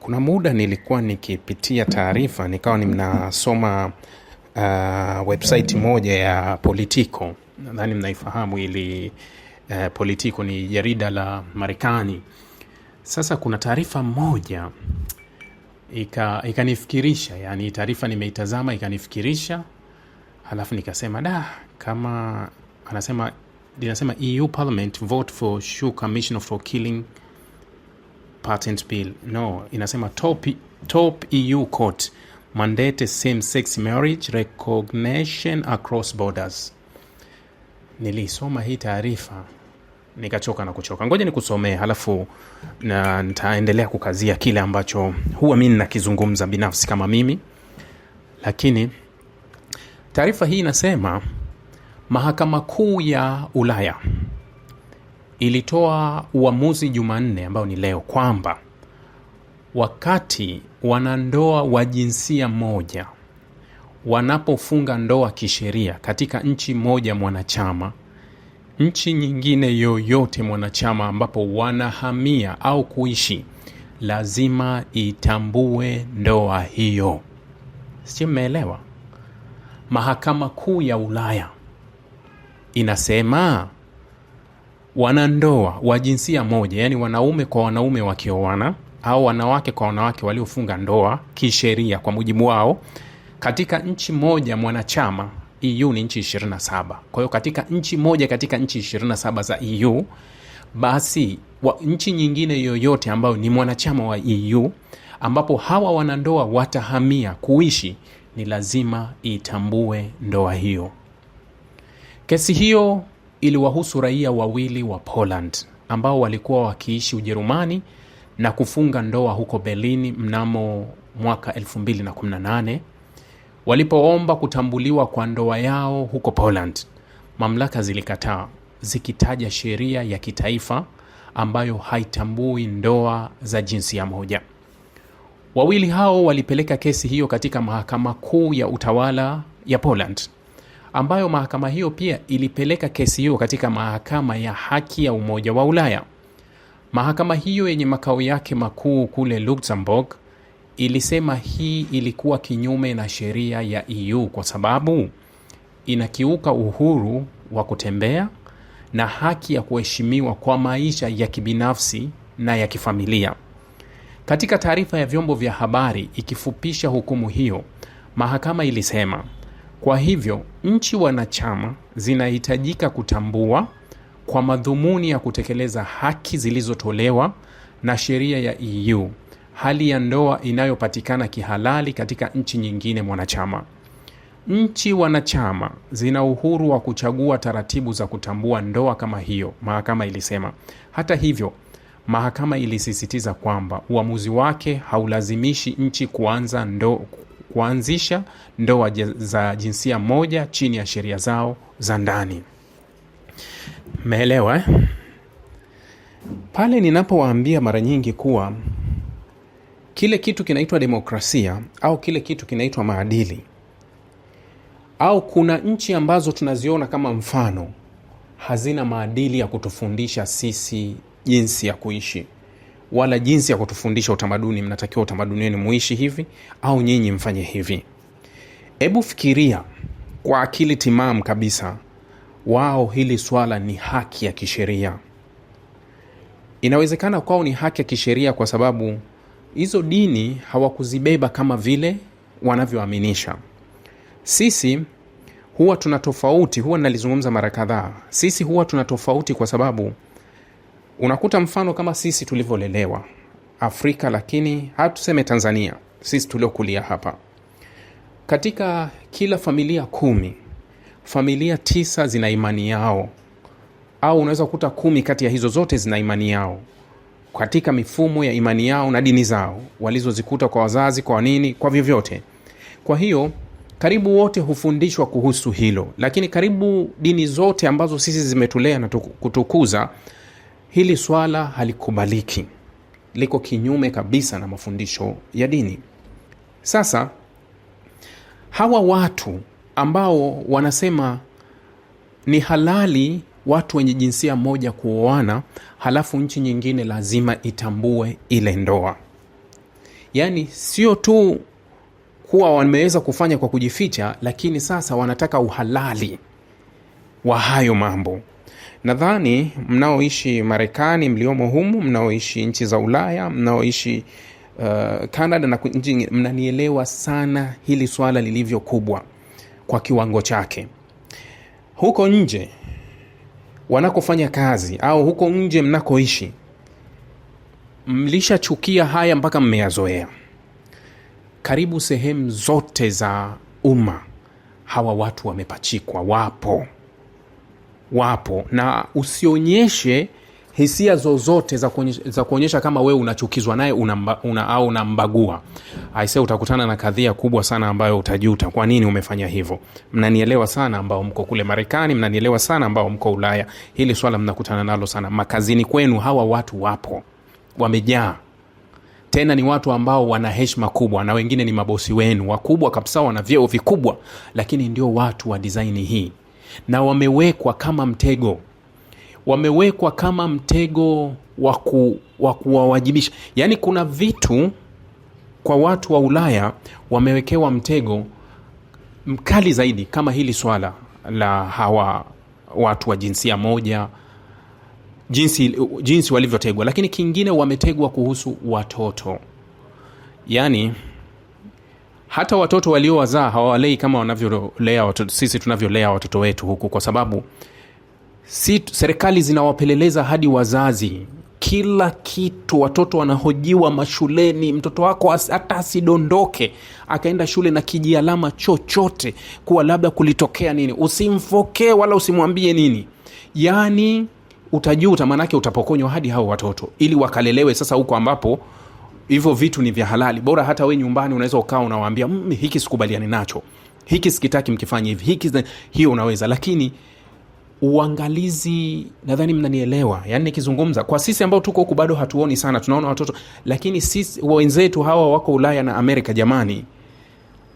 Kuna muda nilikuwa nikipitia taarifa nikawa ninasoma uh, website moja ya Politico, nadhani mnaifahamu ili uh, Politico ni jarida la Marekani. Sasa kuna taarifa moja ikanifikirisha, ika yani taarifa nimeitazama ikanifikirisha, halafu nikasema da, kama anasema linasema EU Parliament vote for shoe commissioner for killing patent bill no inasema top, e, top eu court mandate same sex marriage recognition across borders nilisoma hii taarifa nikachoka na kuchoka ngoja nikusomee halafu na nitaendelea kukazia kile ambacho huwa mi nakizungumza binafsi kama mimi lakini taarifa hii inasema mahakama kuu ya ulaya ilitoa uamuzi Jumanne ambao ni leo kwamba wakati wanandoa wa jinsia moja wanapofunga ndoa kisheria katika nchi moja mwanachama, nchi nyingine yoyote mwanachama ambapo wanahamia au kuishi lazima itambue ndoa hiyo. Sio, mmeelewa. Mahakama Kuu ya Ulaya inasema wanandoa wa jinsia moja, yani wanaume kwa wanaume wakioana au wanawake kwa wanawake waliofunga ndoa kisheria, kwa mujibu wao, katika nchi moja mwanachama EU ni nchi 27. Kwa hiyo katika nchi moja katika nchi 27 za EU, basi wa nchi nyingine yoyote ambayo ni mwanachama wa EU ambapo hawa wanandoa watahamia kuishi, ni lazima itambue ndoa hiyo. Kesi hiyo iliwahusu raia wawili wa Poland ambao walikuwa wakiishi Ujerumani na kufunga ndoa huko Berlin mnamo mwaka 2018 walipoomba kutambuliwa kwa ndoa yao huko Poland. Mamlaka zilikataa zikitaja sheria ya kitaifa ambayo haitambui ndoa za jinsia moja. Wawili hao walipeleka kesi hiyo katika mahakama kuu ya utawala ya Poland ambayo mahakama hiyo pia ilipeleka kesi hiyo katika mahakama ya haki ya Umoja wa Ulaya. Mahakama hiyo yenye makao yake makuu kule Luxembourg ilisema hii ilikuwa kinyume na sheria ya EU kwa sababu inakiuka uhuru wa kutembea na haki ya kuheshimiwa kwa maisha ya kibinafsi na ya kifamilia. Katika taarifa ya vyombo vya habari ikifupisha hukumu hiyo, mahakama ilisema kwa hivyo, nchi wanachama zinahitajika kutambua kwa madhumuni ya kutekeleza haki zilizotolewa na sheria ya EU hali ya ndoa inayopatikana kihalali katika nchi nyingine mwanachama. Nchi wanachama zina uhuru wa kuchagua taratibu za kutambua ndoa kama hiyo, mahakama ilisema. Hata hivyo, mahakama ilisisitiza kwamba uamuzi wake haulazimishi nchi kuanza ndoa, kuanzisha ndoa za jinsia moja chini ya sheria zao za ndani. Mmeelewa eh? Pale ninapowaambia mara nyingi kuwa kile kitu kinaitwa demokrasia au kile kitu kinaitwa maadili au kuna nchi ambazo tunaziona kama mfano hazina maadili ya kutufundisha sisi jinsi ya kuishi wala jinsi ya kutufundisha utamaduni, mnatakiwa utamaduni wenu muishi hivi au nyinyi mfanye hivi. Hebu fikiria kwa akili timamu kabisa, wao hili swala ni haki ya kisheria. Inawezekana kwao ni haki ya kisheria kwa sababu hizo dini hawakuzibeba kama vile wanavyoaminisha. Sisi huwa tuna tofauti, huwa nalizungumza mara kadhaa, sisi huwa tuna tofauti kwa sababu Unakuta mfano kama sisi tulivyolelewa Afrika, lakini hatuseme Tanzania, sisi tuliokulia hapa, katika kila familia kumi, familia tisa zina imani yao, au unaweza kukuta kumi kati ya hizo zote zina imani yao katika mifumo ya imani yao na dini zao walizozikuta kwa wazazi, kwa nini, kwa vyovyote. Kwa hiyo karibu wote hufundishwa kuhusu hilo, lakini karibu dini zote ambazo sisi zimetulea na kutukuza Hili swala halikubaliki, liko kinyume kabisa na mafundisho ya dini. Sasa hawa watu ambao wanasema ni halali watu wenye jinsia moja kuoana, halafu nchi nyingine lazima itambue ile ndoa, yaani sio tu kuwa wameweza kufanya kwa kujificha, lakini sasa wanataka uhalali wa hayo mambo. Nadhani mnaoishi Marekani, mliomo humu, mnaoishi nchi za Ulaya, mnaoishi uh, Canada na nchi, mnanielewa sana hili swala lilivyo kubwa kwa kiwango chake. Huko nje wanakofanya kazi au huko nje mnakoishi, mlishachukia haya mpaka mmeyazoea. Karibu sehemu zote za umma hawa watu wamepachikwa, wapo wapo na usionyeshe hisia zozote za kuonyesha, za kuonyesha kama wewe unachukizwa naye una, una, au unambagua aise utakutana na kadhia kubwa sana ambayo utajuta kwa nini umefanya hivyo mnanielewa sana ambao mko kule marekani mnanielewa sana ambao mko ulaya hili swala mnakutana nalo sana makazini kwenu hawa watu wapo wamejaa tena ni watu ambao wana heshma kubwa na wengine ni mabosi wenu wakubwa kabisa wana vyeo vikubwa lakini ndio watu wa disaini hii na wamewekwa kama mtego, wamewekwa kama mtego wa kuwawajibisha. Yaani kuna vitu kwa watu wa Ulaya wamewekewa mtego mkali zaidi, kama hili swala la hawa watu wa jinsia moja jinsi, jinsi walivyotegwa. Lakini kingine wametegwa kuhusu watoto, yaani hata watoto waliowazaa hawawalei kama wanavyolea watoto, sisi tunavyolea watoto wetu huku, kwa sababu si serikali zinawapeleleza hadi wazazi, kila kitu. Watoto wanahojiwa mashuleni, mtoto wako hata asidondoke akaenda shule na kijialama chochote kuwa labda kulitokea nini, usimfokee wala usimwambie nini, yani utajuta, maanake utapokonywa hadi hao watoto, ili wakalelewe sasa huko ambapo hivyo vitu ni vya halali. Bora hata we nyumbani unaweza ukawa unawambia mmm, hiki sikubaliani nacho, hiki sikitaki mkifanya hivi, hiki hiyo unaweza, lakini uangalizi, nadhani mnanielewa. Yani nikizungumza kwa sisi ambao tuko huku bado hatuoni sana, tunaona watoto, lakini sisi wenzetu hawa wako Ulaya na Amerika, jamani,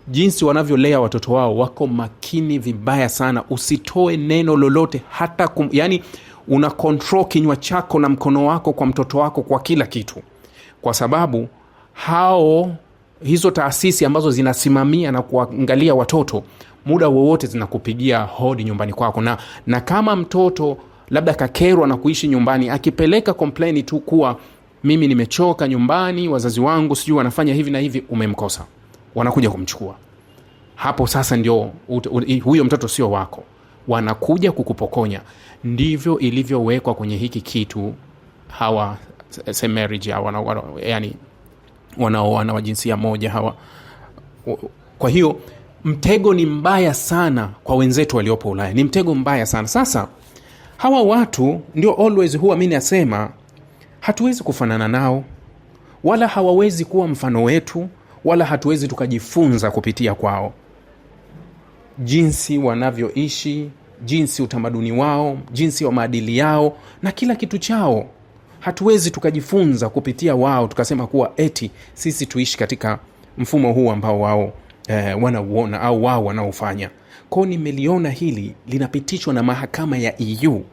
jinsi wanavyolea watoto wao, wako makini vibaya sana. Usitoe neno lolote hata kum, yani una kinywa chako na mkono wako kwa mtoto wako kwa kila kitu kwa sababu hao hizo taasisi ambazo zinasimamia na kuangalia watoto muda wowote zinakupigia hodi nyumbani kwako, na, na kama mtoto labda kakerwa na kuishi nyumbani, akipeleka kompleni tu kuwa mimi nimechoka nyumbani, wazazi wangu sijui wanafanya hivi na hivi, umemkosa, wanakuja kumchukua. Hapo sasa ndio huyo mtoto sio wako, wanakuja kukupokonya. Ndivyo ilivyowekwa kwenye hiki kitu hawa say marriage wana, yani wanaoana wa jinsia moja hawa kwa hiyo mtego ni mbaya sana kwa wenzetu waliopo ulaya ni mtego mbaya sana sasa hawa watu ndio always huwa mi nasema hatuwezi kufanana nao wala hawawezi kuwa mfano wetu wala hatuwezi tukajifunza kupitia kwao jinsi wanavyoishi jinsi utamaduni wao jinsi wa maadili yao na kila kitu chao hatuwezi tukajifunza kupitia wao tukasema kuwa eti sisi tuishi katika mfumo huu ambao wao e, wanauona au wao wanaofanya kwao. Nimeliona hili linapitishwa na mahakama ya EU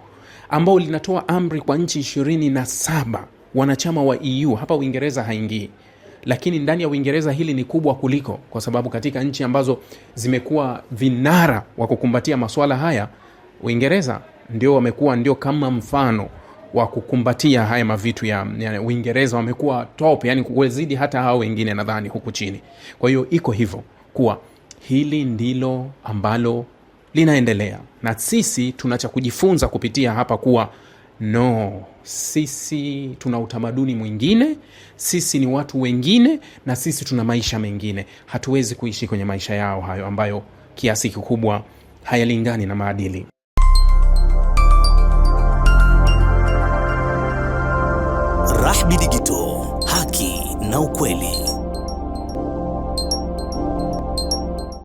ambao linatoa amri kwa nchi ishirini na saba wanachama wa EU. Hapa Uingereza haingii, lakini ndani ya Uingereza hili ni kubwa kuliko, kwa sababu katika nchi ambazo zimekuwa vinara wa kukumbatia maswala haya Uingereza ndio wamekuwa ndio kama mfano wa kukumbatia haya mavitu ya, Uingereza wamekuwa top, yani kuwezidi hata hao wengine nadhani huku chini. Kwa hiyo iko hivyo kuwa hili ndilo ambalo linaendelea na sisi tuna cha kujifunza kupitia hapa kuwa no, sisi tuna utamaduni mwingine, sisi ni watu wengine, na sisi tuna maisha mengine. Hatuwezi kuishi kwenye maisha yao hayo ambayo kiasi kikubwa hayalingani na maadili.